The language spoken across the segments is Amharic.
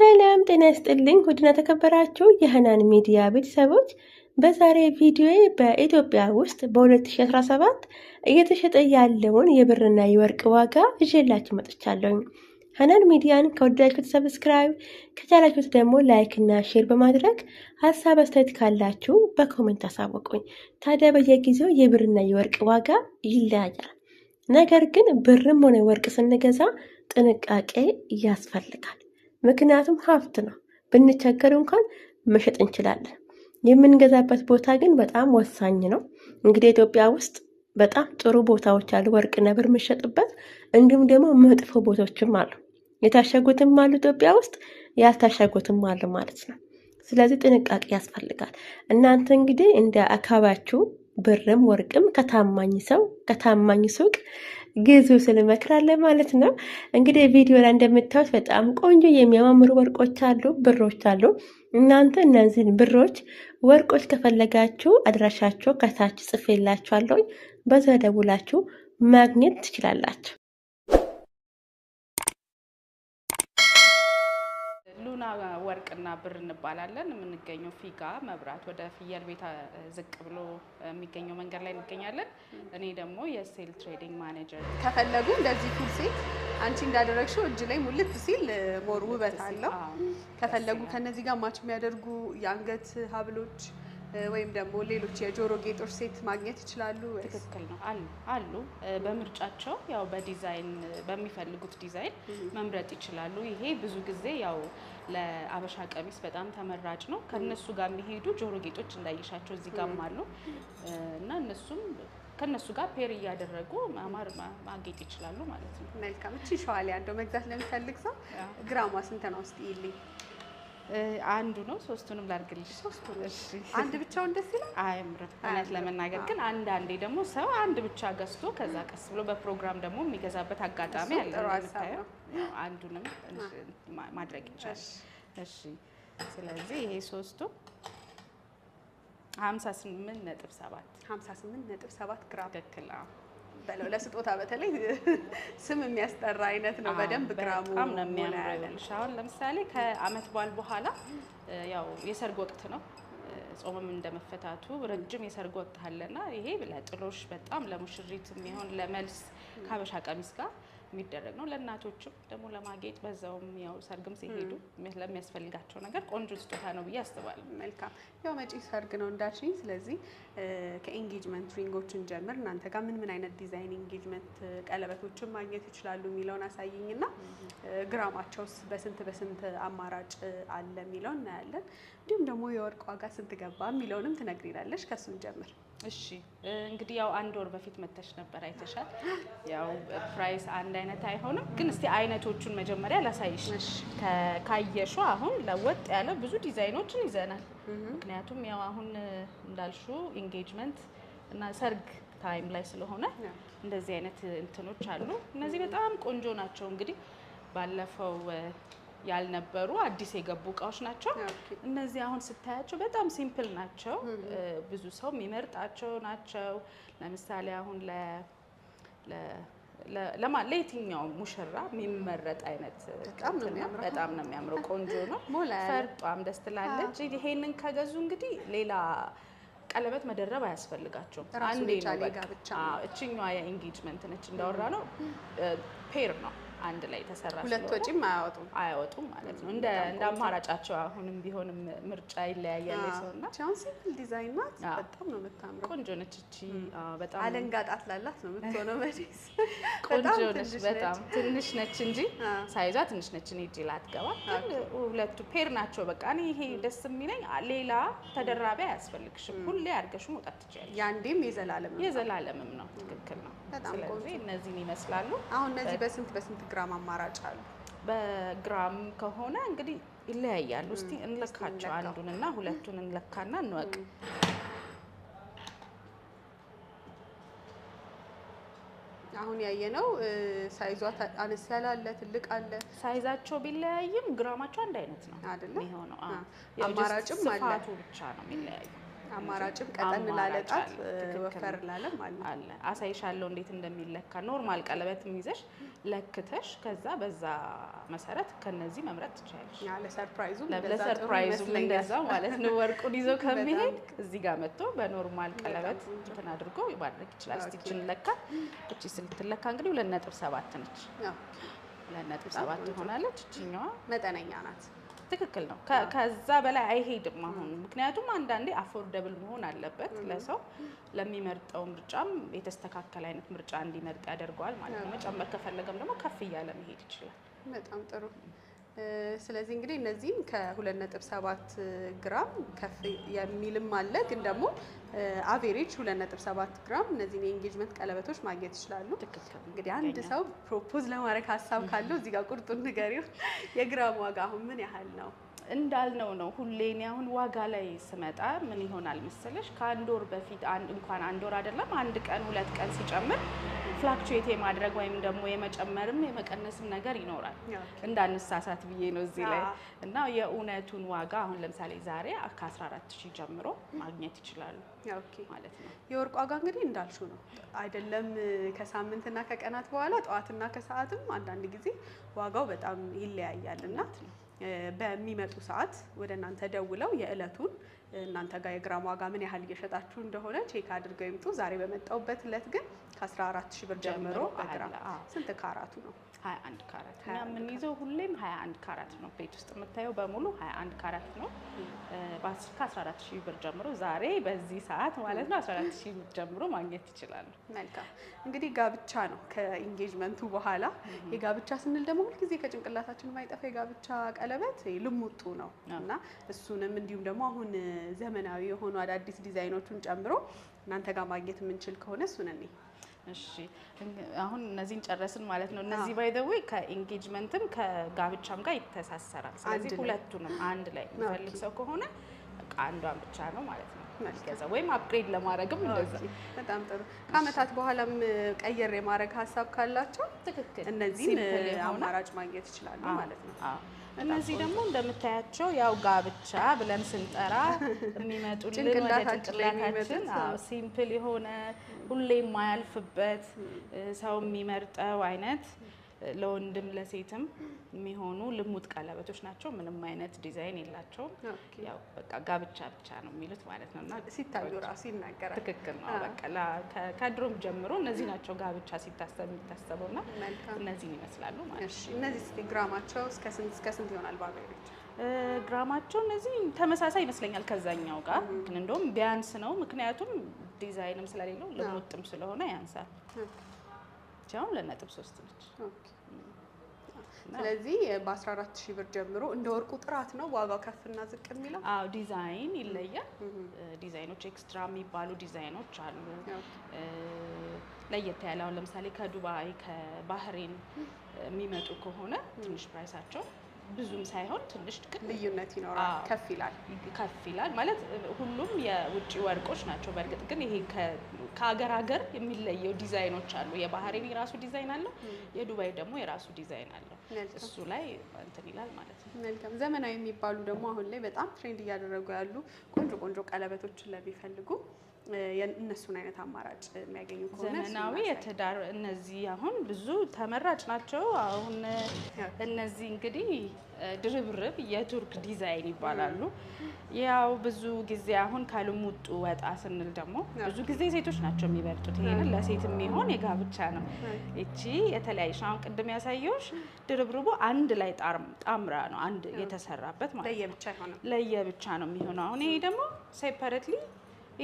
ሰላም ጤና ይስጥልኝ። ውድና ተከበራችሁ የህናን ሚዲያ ቤተሰቦች በዛሬ ቪዲዮ በኢትዮጵያ ውስጥ በ2017 እየተሸጠ ያለውን የብርና የወርቅ ዋጋ ይዤላችሁ መጥቻለሁኝ። ሀናን ሚዲያን ከወደዳችሁት ሰብስክራይብ ከቻላችሁት ደግሞ ላይክ እና ሼር በማድረግ ሀሳብ አስተያየት ካላችሁ በኮሜንት አሳወቁኝ። ታዲያ በየጊዜው የብርና የወርቅ ዋጋ ይለያያል። ነገር ግን ብርም ሆነ ወርቅ ስንገዛ ጥንቃቄ ያስፈልጋል። ምክንያቱም ሀብት ነው። ብንቸገር እንኳን መሸጥ እንችላለን። የምንገዛበት ቦታ ግን በጣም ወሳኝ ነው። እንግዲህ ኢትዮጵያ ውስጥ በጣም ጥሩ ቦታዎች አሉ፣ ወርቅ ነብር የምሸጥበት እንዲሁም ደግሞ መጥፎ ቦታዎችም አሉ። የታሸጉትም አሉ ኢትዮጵያ ውስጥ ያልታሸጉትም አሉ ማለት ነው። ስለዚህ ጥንቃቄ ያስፈልጋል። እናንተ እንግዲህ እንደ አካባቢያችሁ ብርም ወርቅም ከታማኝ ሰው ከታማኝ ሱቅ ግዙ ስንመክራለን ማለት ነው። እንግዲህ ቪዲዮ ላይ እንደምታዩት በጣም ቆንጆ የሚያማምሩ ወርቆች አሉ፣ ብሮች አሉ። እናንተ እነዚህን ብሮች፣ ወርቆች ከፈለጋችሁ አድራሻቸው ከታች ጽፌላችኋለሁ። በዛ ደውላችሁ ማግኘት ትችላላችሁ። ወርቅና ብር እንባላለን። የምንገኘው ፊጋ መብራት ወደ ፍየል ቤት ዝቅ ብሎ የሚገኘው መንገድ ላይ እንገኛለን። እኔ ደግሞ የሴል ትሬዲንግ ማኔጀር። ከፈለጉ እንደዚህ ፉል ሴት አንቺ እንዳደረግሽው እጅ ላይ ሙልት ሲል ሞር ውበት አለው። ከፈለጉ ከነዚህ ጋር ማች የሚያደርጉ የአንገት ሀብሎች ወይም ደግሞ ሌሎች የጆሮ ጌጦች ሴት ማግኘት ይችላሉ። ትክክል ነው አሉ አሉ። በምርጫቸው ያው በዲዛይን በሚፈልጉት ዲዛይን መምረጥ ይችላሉ። ይሄ ብዙ ጊዜ ያው ለአበሻ ቀሚስ በጣም ተመራጭ ነው። ከነሱ ጋር የሚሄዱ ጆሮ ጌጦች እንዳይሻቸው እዚህ ጋም አሉ እና እነሱም ከነሱ ጋር ፔር እያደረጉ ማማር ማጌጥ ይችላሉ ማለት ነው። መልካም። እቺ ሸዋሊያ እንደው መግዛት ለሚፈልግ ሰው ግራሟ ስንት ነው? ውስጥ ይልኝ አንዱ ነው። ሶስቱንም ላድርግልሽ። አንድ ብቻውን ደስ ይላል አያምርም? እውነት ለመናገር ግን አንዳንዴ ደግሞ ሰው አንድ ብቻ ገዝቶ ከዛ ቀስ ብሎ በፕሮግራም ደግሞ የሚገዛበት አጋጣሚ አለ። አንዱንም ማድረግ ይቻላል። እሺ፣ ስለዚህ ይሄ ሶስቱ 58 ነጥብ 7 ግራም ትክክል። የምትለው ለስጦታ በተለይ ስም የሚያስጠራ አይነት ነው። በደንብ ግራሙ ነው የሚያምረው። አሁን ለምሳሌ ከአመት በዓል በኋላ ያው የሰርግ ወቅት ነው። ጾምም እንደመፈታቱ ረጅም የሰርግ ወቅት አለና ይሄ ለጥሎሽ በጣም ለሙሽሪት የሚሆን ለመልስ ከሀበሻ ቀሚስ ጋር የሚደረግ ነው። ለእናቶችም ደግሞ ለማጌጥ በዛውም ያው ሰርግም ሲሄዱ ለሚያስፈልጋቸው ነገር ቆንጆ ስጦታ ነው ብዬ አስባለሁ። መልካም ያው መጪ ሰርግ ነው እንዳችኝ፣ ስለዚህ ከኤንጌጅመንት ሪንጎችን ጀምር እናንተ ጋር ምን ምን አይነት ዲዛይን ኤንጌጅመንት ቀለበቶችን ማግኘት ይችላሉ የሚለውን ና ግራማቸውስ በስንት በስንት አማራጭ አለ የሚለው እናያለን። እንዲሁም ደግሞ የወርቅ ዋጋ ስንት ገባ የሚለውንም ትነግሪናለሽ። ከሱ ጀምር። እሺ እንግዲህ ያው አንድ ወር በፊት መተሽ ነበር አይተሻል። ያው ፕራይስ አንድ አይነት አይሆንም፣ ግን እስቲ አይነቶቹን መጀመሪያ ላሳይሽ። ካየሹ አሁን ለወጥ ያለ ብዙ ዲዛይኖችን ይዘናል። ምክንያቱም ያው አሁን እንዳልሹ ኢንጌጅመንት እና ሰርግ ታይም ላይ ስለሆነ እንደዚህ አይነት እንትኖች አሉ። እነዚህ በጣም ቆንጆ ናቸው። እንግዲህ ባለፈው ያልነበሩ አዲስ የገቡ እቃዎች ናቸው። እነዚህ አሁን ስታያቸው በጣም ሲምፕል ናቸው። ብዙ ሰው የሚመርጣቸው ናቸው። ለምሳሌ አሁን ለማ ለየትኛው ሙሽራ የሚመረጥ አይነት በጣም ነው የሚያምረው። ቆንጆ ነው፣ ፈርጧም ደስ ትላለች። ይሄንን ከገዙ እንግዲህ ሌላ ቀለበት መደረብ አያስፈልጋቸውም። አንዴ ነው እችኛዋ የኢንጌጅመንት ነች እንዳወራ ነው ፔር ነው አንድ ላይ የተሰራ ሁለት ወጪም አያወጡም አያወጡም ማለት ነው። እንደ እንደ አማራጫቸው አሁንም ቢሆንም ምርጫ ይለያያል ሰውና ቻውን ሲምፕል ዲዛይን ናት። በጣም ነው የምታምረው። ቆንጆ ነች። እቺ በጣም አለንጋ ጣት ላላት ነው የምትሆነው። መዲስ ቆንጆ ነች። በጣም ትንሽ ነች እንጂ ሳይዟ ትንሽ ነች። እኔ እጄ ላትገባ ሁለቱ ፔር ናቸው። በቃ እኔ ይሄ ደስ የሚለኝ ሌላ ተደራቢ አያስፈልግሽም። ሁሌ አድርገሽ መውጣት ትችያለሽ። ያንዴም የዘላለምም የዘላለምም ነው። ትክክል ነው። በጣም ስለዚህ እነዚህን ይመስላሉ። አሁን እነዚህ በስንት በስንት ግራም አማራጭ አሉ? በግራም ከሆነ እንግዲህ ይለያያሉ። እስቲ እንለካቸው። አንዱንና ሁለቱን እንለካና እንወቅ። አሁን ያየነው ሳይዟ አነስ ያለ አለ፣ ትልቅ አለ። ሳይዛቸው ቢለያይም ግራማቸው አንድ አይነት ነው አይደለ? የሚሆነው አማራጭም ስፋቱ ብቻ ነው የሚለያዩ አማራጭም ቀጠን ላለጣት ወፈር ላለም አለ። አሳይሻለሁ እንዴት እንደሚለካ ኖርማል ቀለበት ይዘሽ ለክተሽ ከዛ በዛ መሰረት ከነዚህ መምረጥ ትችላለሽ። ለሰርፕራይዙም እንደዛ ማለት ነው። ወርቁን ይዞ ከሚሄድ እዚህ ጋር መጥቶ በኖርማል ቀለበት እንትን አድርጎ ማድረግ ይችላል። ስቲችን ለካ እቺ ስልትለካ እንግዲህ ሁለት ነጥብ ሰባት ነች። ሁለት ነጥብ ሰባት ትሆናለች። እችኛዋ መጠነኛ ናት። ትክክል ነው። ከዛ በላይ አይሄድም አሁን። ምክንያቱም አንዳንዴ አፎርደብል መሆን አለበት ለሰው ለሚመርጠው ምርጫም የተስተካከለ አይነት ምርጫ እንዲመርጥ ያደርገዋል ማለት ነው። መጨመር ከፈለገም ደግሞ ከፍ እያለ መሄድ ይችላል። በጣም ጥሩ ስለዚህ እንግዲህ እነዚህም ከ2.7 ግራም ከፍ የሚልም አለ፣ ግን ደግሞ አቬሬጅ 2.7 ግራም እነዚህን የኤንጌጅመንት ቀለበቶች ማግኘት ይችላሉ። እንግዲህ አንድ ሰው ፕሮፖዝ ለማድረግ ሀሳብ ካለው እዚህ ጋር ቁርጡን ንገሪው፣ የግራም ዋጋ አሁን ምን ያህል ነው? እንዳልነው ነው። ሁሌ እኔ አሁን ዋጋ ላይ ስመጣ ምን ይሆናል መሰለሽ፣ ከአንድ ወር በፊት እንኳን አንድ ወር አይደለም አንድ ቀን ሁለት ቀን ሲጨምር ፍላክቹዌት የማድረግ ወይም ደግሞ የመጨመርም የመቀነስም ነገር ይኖራል። እንዳንሳሳት ብዬ ነው እዚህ ላይ እና የእውነቱን ዋጋ አሁን ለምሳሌ ዛሬ ከ14 ሺህ ጀምሮ ማግኘት ይችላሉ ማለት ነው። የወርቅ ዋጋ እንግዲህ እንዳልሽው ነው አይደለም ከሳምንትና ከቀናት በኋላ ጠዋትና ከሰዓትም አንዳንድ ጊዜ ዋጋው በጣም ይለያያል እና በሚመጡ ሰዓት ወደ እናንተ ደውለው የእለቱን እናንተ ጋር የግራም ዋጋ ምን ያህል እየሸጣችሁ እንደሆነ ቼክ አድርገው ይምጡ። ዛሬ በመጣውበት እለት ግን ከ14 ሺህ ብር ጀምሮ ስንት ካራቱ ነው? 21 ካራት እና የምንይዘው ሁሌም 21 ካራት ነው። ቤት ውስጥ የምታየው በሙሉ 21 ካራት ነው። በ10 ከ14 ሺህ ብር ጀምሮ ዛሬ በዚህ ሰዓት ማለት ነው 14 ሺህ ብር ጀምሮ ማግኘት ይችላሉ። መልካም እንግዲህ ጋብቻ ነው ከኢንጌጅመንቱ በኋላ የጋብቻ ስንል ደግሞ ሁልጊዜ ከጭንቅላታችን የማይጠፋ የጋብቻ ቀለበት ልሙጡ ነው እና እሱንም እንዲሁም ደግሞ አሁን ዘመናዊ የሆኑ አዳዲስ ዲዛይኖቹን ጨምሮ እናንተ ጋር ማግኘት የምንችል ከሆነ እሱን እኔ እሺ አሁን እነዚህን ጨረስን ማለት ነው። እነዚህ ባይ ዘ ዌይ ከኢንጌጅመንትም ከጋብቻም ጋር ይተሳሰራል። ስለዚህ ሁለቱንም አንድ ላይ የሚፈልግ ሰው ከሆነ አንዷን ብቻ ነው ማለት ነው ገዛ ወይም አፕግሬድ ለማድረግም እንደዛ። በጣም ጥሩ። ከአመታት በኋላም ቀየር የማድረግ ሀሳብ ካላቸው ትክክል እነዚህን አማራጭ ማግኘት ይችላሉ ማለት ነው። እነዚህ ደግሞ እንደምታያቸው ያው ጋብቻ ብለን ስንጠራ የሚመጡልን ወደ ጭንቅላታችን ሲምፕል የሆነ ሁሌ የማያልፍበት ሰው የሚመርጠው አይነት ለወንድም ለሴትም የሚሆኑ ልሙጥ ቀለበቶች ናቸው። ምንም አይነት ዲዛይን የላቸውም። ያው በቃ ጋብቻ ብቻ ነው የሚሉት ማለት ነው እና ሲታዩ ራሱ ይናገራል። ትክክል ነው። በቃ ከድሮም ጀምሮ እነዚህ ናቸው ጋብቻ ሲታሰብ የሚታሰበው እና እነዚህን ይመስላሉ ማለት ነው። እነዚህ ስ ግራማቸው እስከ ስንት ይሆናል ባገሪች ግራማቸው እነዚህ ተመሳሳይ ይመስለኛል ከዛኛው ጋር ግን እንደውም ቢያንስ ነው ምክንያቱም ዲዛይንም ስለሌለው ልሙጥም ስለሆነ ያንሳል። ብቻውን ለነጥብ ሁለት ነጥብ ሶስት ነች። ስለዚህ በ14 ሺህ ብር ጀምሮ እንደ ወርቁ ጥራት ነው ዋጋው ከፍና ዝቅ የሚለው። አዎ ዲዛይን ይለያል። ዲዛይኖች ኤክስትራ የሚባሉ ዲዛይኖች አሉ። ለየት ያለ አሁን ለምሳሌ ከዱባይ ከባህሬን የሚመጡ ከሆነ ትንሽ ፕራይሳቸው ብዙም ሳይሆን ትንሽ ግን ልዩነት ይኖራል። ከፍ ይላል ከፍ ይላል ማለት ሁሉም የውጭ ወርቆች ናቸው። በእርግጥ ግን ይሄ ከሀገር ሀገር የሚለየው ዲዛይኖች አሉ። የባህሬን የራሱ ዲዛይን አለው፣ የዱባይ ደግሞ የራሱ ዲዛይን አለው። እሱ ላይ እንትን ይላል ማለት ነው። መልካም ዘመናዊ የሚባሉ ደግሞ አሁን ላይ በጣም ትሬንድ እያደረጉ ያሉ ቆንጆ ቆንጆ ቀለበቶችን ለሚፈልጉ እነሱን አይነት አማራጭ የሚያገኙ ከሆነ ዘመናዊ የትዳር እነዚህ አሁን ብዙ ተመራጭ ናቸው። አሁን እነዚህ እንግዲህ ድርብርብ የቱርክ ዲዛይን ይባላሉ። ያው ብዙ ጊዜ አሁን ከልሙጡ ወጣ ስንል ደግሞ ብዙ ጊዜ ሴቶች ናቸው የሚበልጡት። ይህን ለሴት የሚሆን የጋብቻ ነው። እቺ የተለያዩ አሁን ቅድም ያሳየሁሽ ድርብርቡ አንድ ላይ ጣምራ ነው አንድ የተሰራበት ማለት ነው። ለየብቻ ነው የሚሆነው። አሁን ይሄ ደግሞ ሴፐሬትሊ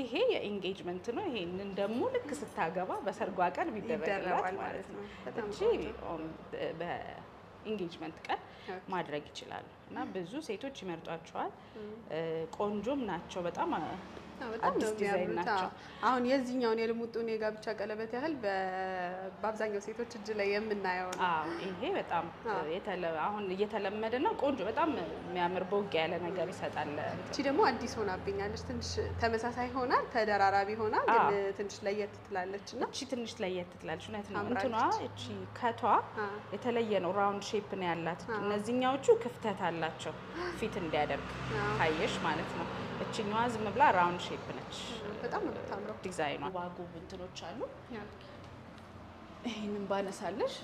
ይሄ የኢንጌጅመንት ነው። ይሄንን ደግሞ ልክ ስታገባ በሰርጓ ቀን ቢደረግላት ማለት ነው እንጂ በኢንጌጅመንት ቀን ማድረግ ይችላሉ። እና ብዙ ሴቶች ይመርጧቸዋል። ቆንጆም ናቸው በጣም አዲስ ዲዛይን ናቸው። አሁን የዚህኛውን የልሙጡን የጋብቻ ቀለበት ያህል በአብዛኛው ሴቶች እጅ ላይ የምናየው ነው። ይሄ በጣም አሁን እየተለመደ ነው። ቆንጆ በጣም የሚያምር ቦግ ያለ ነገር ይሰጣል። እቺ ደግሞ አዲስ ሆናብኛለች። ትንሽ ተመሳሳይ ሆና ተደራራቢ ሆና ግን ትንሽ ለየት ትላለች እና እቺ ትንሽ ለየት ትላለች። እውነት ነው። እንትኗ እቺ ከቷ የተለየ ነው። ራውንድ ሼፕ ነው ያላት። እነዚህኛዎቹ ክፍተት አላቸው ፊት እንዲያደርግ ታየሽ ማለት ነው። እችኛዋ ዝም ብላ ራውንድ ሼፕ ነች። በጣም ነው የምታምረው። ዲዛይኗ ዋጉ እንትኖች አሉ። ይህንን ባነሳለሽ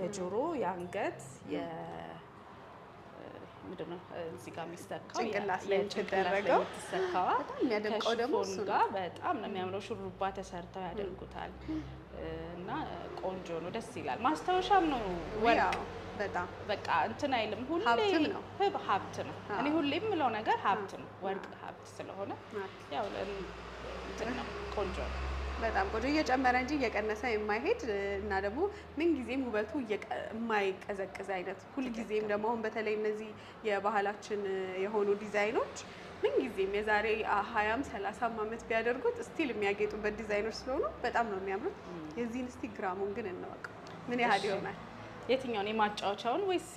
የጆሮ የአንገት ምንድን ነው እዚህ ጋር የሚሰካው ጭንቅላት ላይ የተደረገው የሚሰካዋ የሚያደንቀው ደግሞ ጋር በጣም ነው የሚያምረው። ሹሩባ ተሰርተው ያደርጉታል እና ቆንጆ ነው፣ ደስ ይላል። ማስታወሻም ነው ወርቅ በጣም በቃ እንትን አይልም። ሁሌ ሀብት ነው። እኔ ሁሌ የምለው ነገር ሀብት ነው። ወርቅ ሀብት ስለሆነ ያው እንትን ነው፣ ቆንጆ ነው። በጣም ቆንጆ እየጨመረ እንጂ እየቀነሰ የማይሄድ እና ደግሞ ምንጊዜም ውበቱ የማይቀዘቅዝ አይነት ሁልጊዜም ደግሞ አሁን በተለይ እነዚህ የባህላችን የሆኑ ዲዛይኖች ምንጊዜም የዛሬ ሀያም ሰላሳም ዓመት ቢያደርጉት ስቲል የሚያጌጡበት ዲዛይኖች ስለሆኑ በጣም ነው የሚያምሩት። የዚህን እስቲ ግራሙን ግን እንወቅ ምን ያህል ይሆናል? የትኛውን የማጫወቻውን ወይስ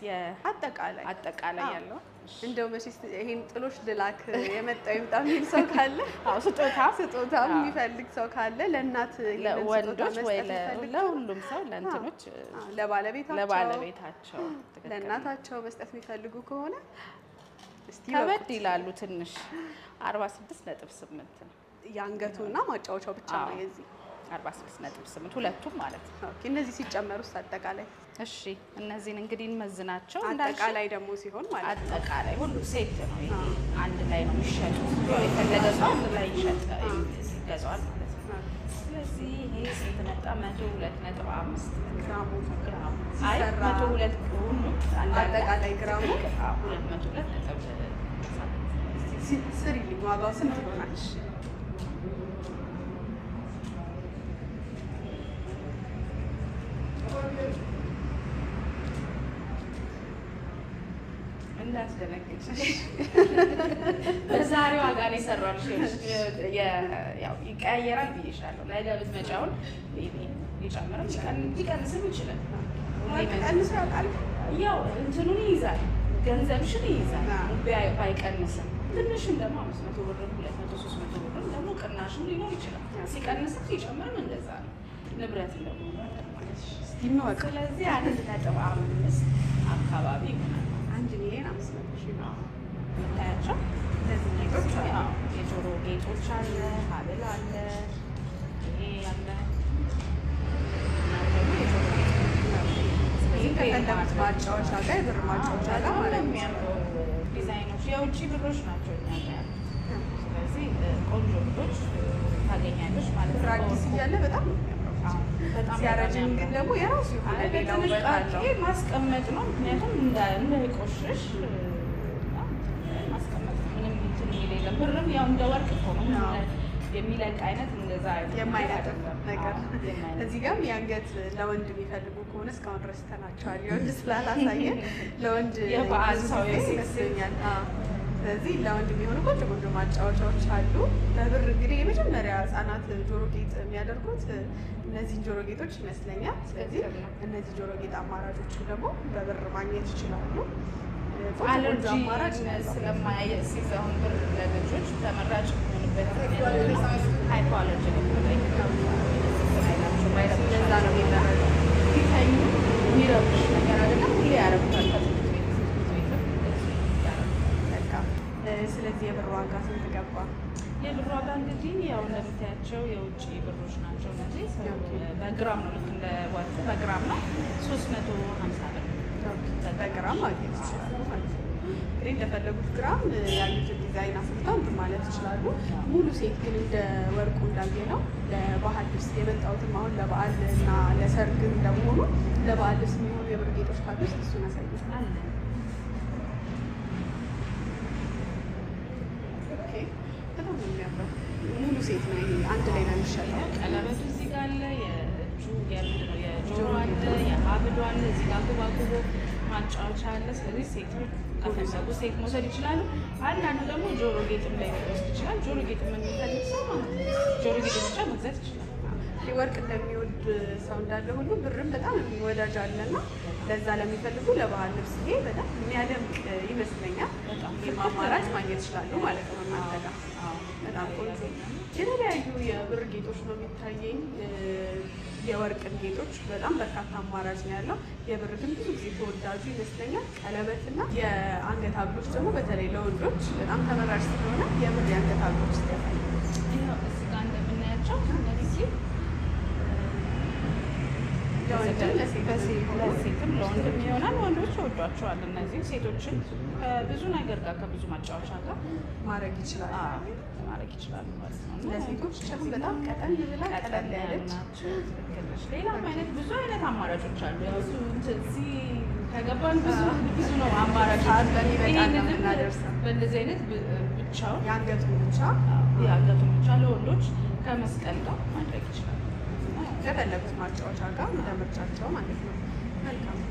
አጠቃላይ አጠቃላይ ያለው እንደው መቼስ ይሄን ጥሎሽ ልላክ የመጣው ይምጣ የሚል ሰው ካለ ስጦታ ስጦታ የሚፈልግ ሰው ካለ ለእናት ለወንዶች ወይ ለሁሉም ሰው ለእንትኖች ለባለቤታቸው ለእናታቸው መስጠት የሚፈልጉ ከሆነ ከበድ ይላሉ ትንሽ 46 ነጥብ ስምንት ነው የአንገቱና ማጫወቻው ብቻ ነው የዚህ 46.8 ሁለቱም ማለት ነው። እነዚህ አጠቃላይ? እሺ እነዚህን እንግዲህ እንመዝናቸው። አጠቃላይ ደግሞ ሲሆን ማለት አጠቃላይ ሁሉ ሴት ነው። ይሄ አንድ ላይ ነው የሚሸጡት። የፈለገ ሰው አንድ ላይ ይገዛዋል ማለት ነው። ስለዚህ ይሄ ስንት መጣ? ግራሙ ግራሙ። አይ አጠቃላይ ግራሙ ነጥብ ስሪ። ዋጋው ስንት ይሆናል? በዛሬዋ ጋር ነው ይቀያየራል ብዬሻለሁ። ሊቀንስም ይችላል። ያው እንትኑን ይይዛል፣ ገንዘብሽን ይይዛል። ባይቀንስም ትንሽም ደግሞ አምስት መቶ ሁለት መቶ ሶስት መቶ ደግሞ ቅናሽም ሊኖር ይችላል። ሲቀንስም ሲጨምርም እንደዛ ነው። ንብረት ስለዚህ አንድ ነጥብ አምስት አካባቢ ይሆናል። የምታያቸው እነዚህ ጌጦች የጆሮ ጌጦች አለ፣ ሀብል አለ፣ ይሄ አለ፣ ዲዛይኖች የውጭ ብሮች ናቸው ስለዚህ ቆንጆ ብሮች ታገኛለች ማለት ነው። አዲስ እያለ በጣም ሲያረጅም ግን ደግሞ የራሱ የሆነ ማስቀመጥ ነው ምክንያቱም እንዳይቆሽሽ ብርም ያው እንደ ወርቅ የሚለቅ አይነት እንደዛ የማይነጥፍ ነገር እዚህ ጋም የአንገት ለወንድ የሚፈልጉ ከሆነ እስካሁን ድረስ ተናቸዋል። የወንድ ስላላሳየ ለወንድ የበዓል ሰው ይመስለኛል። ስለዚህ ለወንድ የሚሆኑ ቆንጆ ቆንጆ ማጫወቻዎች አሉ። በብር እንግዲህ የመጀመሪያ ህጻናት ጆሮ ጌጥ የሚያደርጉት እነዚህ ጆሮ ጌጦች ይመስለኛል። ስለዚህ እነዚህ ጆሮ ጌጥ አማራጮችን ደግሞ በብር ማግኘት ይችላሉ። አለርጂ ስለማያየዝ ሲዛሁን ብር ለልጆች ተመራጭ የሚሆንበት ሃይፖ አለርጂ ቢተኙ የሚረብሽ ነገር አይደለም። ሁሌ ያረጉታል ስለዚህ የብር ዋጋ ስንት ገባ? የብር ዋጋ እንግዲህ ያው እንደምታያቸው የውጭ ብሮች ናቸው። በግራም ነው በግራም ነው ሶስት መቶ ሀምሳ ብር በግራም ማግኘት ይችላሉ ማለት ነው። እንደፈለጉት ግራም ያሉትን ዲዛይን አስልተው እንትን ማለት ይችላሉ። ሙሉ ሴት ግን እንደ ወርቁ እንዳየ ነው ለባህል ልብስ የመጣሁትም አሁን ለበዓል እና ለሰርግ እንደመሆኑ ለበዓል ልብስ የሚሆኑ የብር ጌጦች ካሉ እሱን ያሳይታል። ሴት ነው አንድ ላይ ነው የሚሻለው። ቀለበቱ እዚህ ጋር አለ። የእጁ የጆሮ አለ አብዶ አለ፣ እዚህ ጋር ጉባ ማጫወቻ አለ። ስለዚህ ሴቶች ከፈለጉ ሴት መውሰድ ይችላሉ። አንዳንዱ ደግሞ ጆሮ ጌጥም ላይ ወስድ ይችላል። ጆሮ ጌጥም የሚፈልግ ሰው ማለት ጆሮ ጌጥ ብቻ መግዛት ይችላል። ወርቅ እንደሚወድ ሰው እንዳለ ሁሉ ብርም በጣም የሚወዳጅ አለና ለዛ ለሚፈልጉ ለባህል ልብስ ይሄ በጣም የሚያደምቅ ይመስለኛል። አማራጭ ማግኘት ይችላሉ ማለት ነው። እናንተ ጋር በጣም ቆንጆ የተለያዩ የብር ጌጦች ነው የሚታየኝ። የወርቅን ጌጦች በጣም በርካታ አማራጭ ነው ያለው። የብር ግን ብዙ ጊዜ ተወዳጁ ይመስለኛል። ቀለበትና የአንገት ሀብሎች ደግሞ በተለይ ለወንዶች በጣም ተመራጭ ስለሆነ የብር የአንገት ሀብሎች ለሴትም ለወንድም ይሆናል። ወንዶች ይወዷቸዋል። እነዚህ ሴቶችን ከብዙ ነገር ጋር ከብዙ ማጫወቻ ጋር ማድረግ ይችላል ማድረግ ማለት ነው። ለሴቶች በጣም ቀጠን ብላ ያለች ሌላም አይነት ብዙ አይነት አማራጮች አሉ። እዚህ ከገባን ብዙ ብዙ ነው አማራጭ በእንደዚህ አይነት ብቻ ብቻ ለወንዶች ከመስቀል ጋር ማድረግ ይችላል። ከፈለጉት ማጫወቻ ጋር እንደ ምርጫቸው ማለት ነው። መልካም